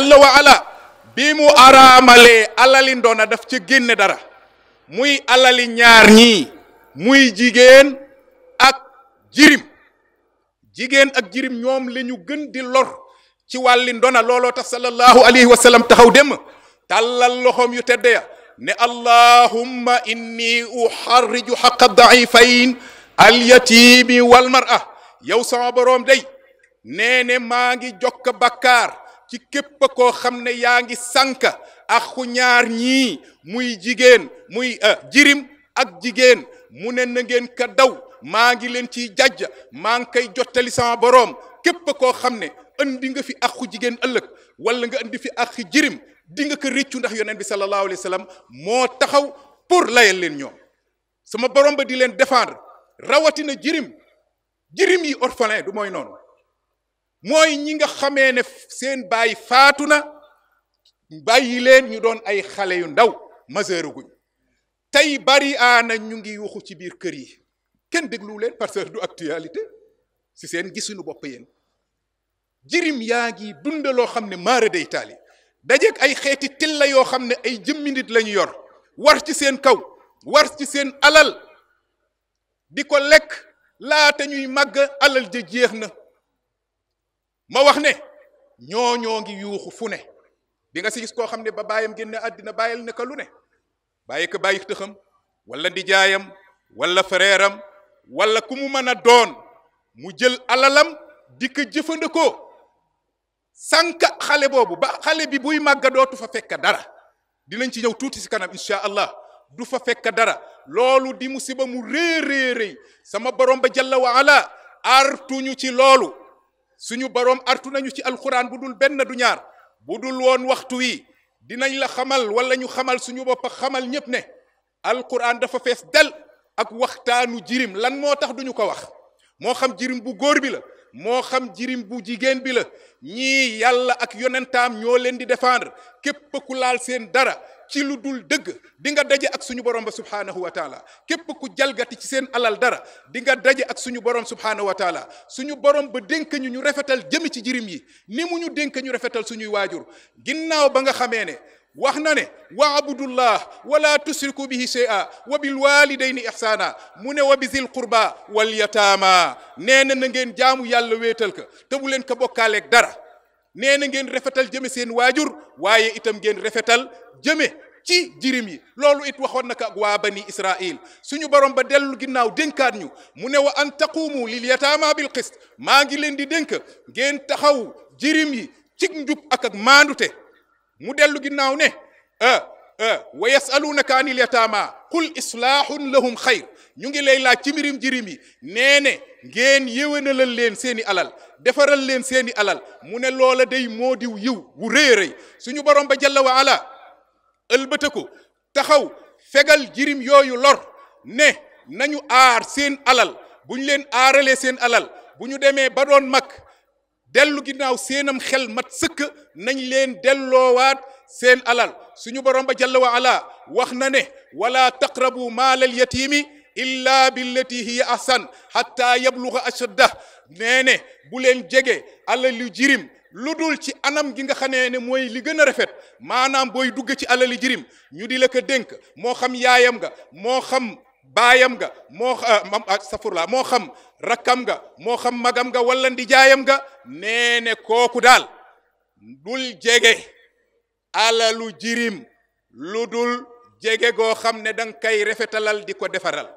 jalla wa ala bi mu araamalee alali ndona daf ci génne dara muy alali ñaar ñii muy jigéen ak jirim jigéen ak jirim ñoom la ñu gën di lor ci wàlli ndona looloo tax alayhi wa taxaw dem tàllal loxoom yu tedde ya ne allahumma inni uxarriju xaqa daifayn alyatimi walmara yow sama boroom day nee ne maa ngi jokk bakkaar ci képp koo xam ne yaa ngi sànk axu ñaar ñii muy jigéen muy euh, jirim ak jigéen mu ne na ngeen ka daw maa ngi leen ciy jajj maa ngi koy jottali sama boroom képp koo xam ne andi nga fi axu jigéen ëllëg wala nga indi fi axi jirim di nga ko réccu ndax yonent bi sallallahu alayhi wa sallam moo taxaw pour layal leen ñoom sama borom ba di leen défendre rawatina jirim jirim yi orphelin du mooy noonu mooy ñi nga xamee ne seen baay faatu na bàyyi leen ñu doon ay xale yu ndaw majeur guñ tey bari na ñu ngi wuxu ci biir kër yi kenn déglu leen parce que du actualité si seen gisuñu bopp yéen jirim yaa ngi dunda loo xam ne maara day taali dajeeg ay xeeti tilla yoo xam ne ay jëmmi nit lañu yor war ci seen kaw war ci seen alal di ko lekk laata ñuy màgg alal ja jeex na ma wax ne ñoo ñoo ngi yuuxu fu ne bi nga si gis koo xam ne ba baayam génne àddina bàyyil ne ka lu ne bàyyi ko bàyyi tëxam wala ndijaayam wala fereeram wala ku mu mën a doon mu jël alalam di ko jëfandikoo sànq xale boobu ba xale bi buy màgga dootu fa fekk dara dinañ ci ñëw tuuti si kanam incha allah du fa fekk dara loolu di musiba mu réy réy réy sama borom ba jalla wa ala artuñu ci loolu suñu boroom artu nañu ci alxuraan bu dul benn du ñaar bu dul woon waxtu wi dinañ la xamal wala ñu xamal suñu bopp xamal ñépp ne alxuraan dafa fees del ak waxtaanu jirim lan moo tax duñu ko wax moo xam jirim bu góor bi la moo xam jirim bu jigéen bi la ñii yàlla ak yonentaam ñoo leen di défendre képp ku laal seen dara ci lu dul dëgg di nga daje ak suñu borom ba subhaanahu wa taala képp ku jalgati ci seen alal dara di nga daje ak suñu borom subhaanahu wa taala suñu borom ba dénk ñu ñu rafetal jëmi ci jirim yi ni mu ñu dénk ñu rafetal suñuy waajur ginnaaw ba nga xamee ne. wax na ne waabudullah wala tusriku bihi shay'a wa bil walidayni ihsana mu ne wa bizil qurba wal yataama nee na na ngeen jaamu yàlla wéetal ka te bu leen ko bokkaaleeg dara nee na ngeen rafetal jëme seen waajur waaye itam ngeen rafetal jëme ci jirim yi loolu it waxoon na ko ak waa bani israil suñu borom ba dellu ginnaaw dénkaat ñu mu ne wa an taquumu lil yataama bil qist maa ngi leen di dénk ngeen taxaw jirim yi cig njub ak ak maandute mu dellu ginnaaw ne eh, eh, wa yasalunaka anil yataama qul islahun lahum xayr ñu ngi lay la ci mbirim jirim yi ne ngeen yéwénalal leen seeni alal defaral leen seeni alal mu ne loola day moo diw yiw wu rëy rëy suñu borom ba jalla wa ala ëlbëtëku taxaw fegal jirim yooyu lor ne nañu aar seen alal bu ñu leen aaralee seen alal bu ñu demee ba doon mag dellu ginnaaw seenam xel mat sëkk nañ leen delloowaat seen alal suñu borom ba jalla wa ala wax na ne wala taqrabu maalal yatiimi illa billati hiya ahsan hatta yabluga ashaddah nee ne bu leen jege alalu jirim lu dul ci anam gi nga xamee ne mooy li gën a rafet maanaam booy dugg ci alali jirim ñu di la ko dénk moo xam yaayam ga moo xam baayam ga moo ah, mam ah, safurla moo xam rakkam ga moo xam magam nga wala ndi jaayam nga nee ne kooku daal dul jege alalu jirim lu dul jege goo xam ne danga koy rafetalal di ko defaral